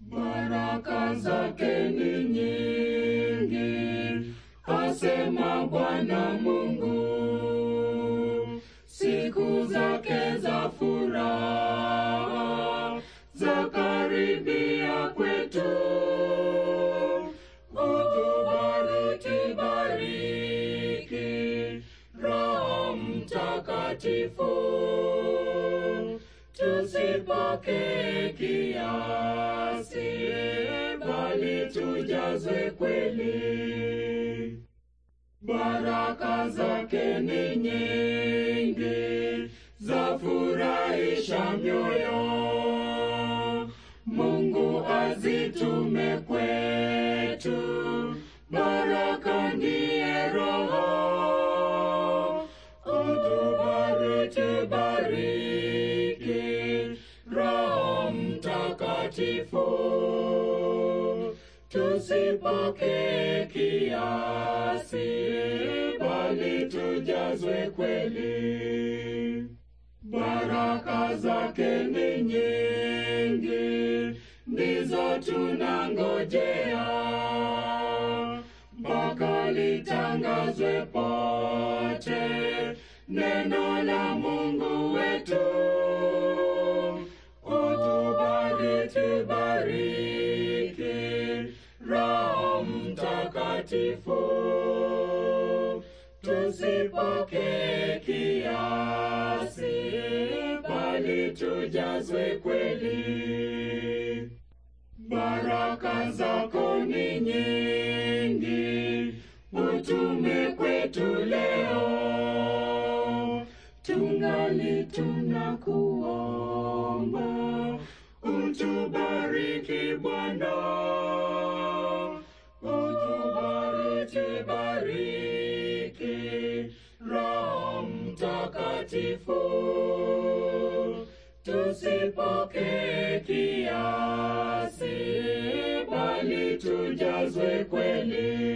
baraka zake ni nyingi, asema Bwana Mungu. Siku zake za furaha za karibia kwetu, utubariki bariki Roho Mtakatifu tusipake kiasi, bali tujazwe kweli. Baraka zake ni nyingi, zafurahisha mioyo. Mungu azitume kwetu, baraka ndiye Roho utubariki bariki mtakatifu tusipokee kiasi bali tujazwe kweli baraka zake ni nyingi ndizo tunangojea mpaka litangazwe pote neno la mungu we tubariki Roho Mtakatifu, tusipokee kiasi, bali tujazwe kweli. Baraka zako ni nyingi, utume kwetu leo, tungali tunaku Bariki Bwana, utubariki, bariki Roho Mtakatifu, tusipoke kiasi, bali tujazwe kweli.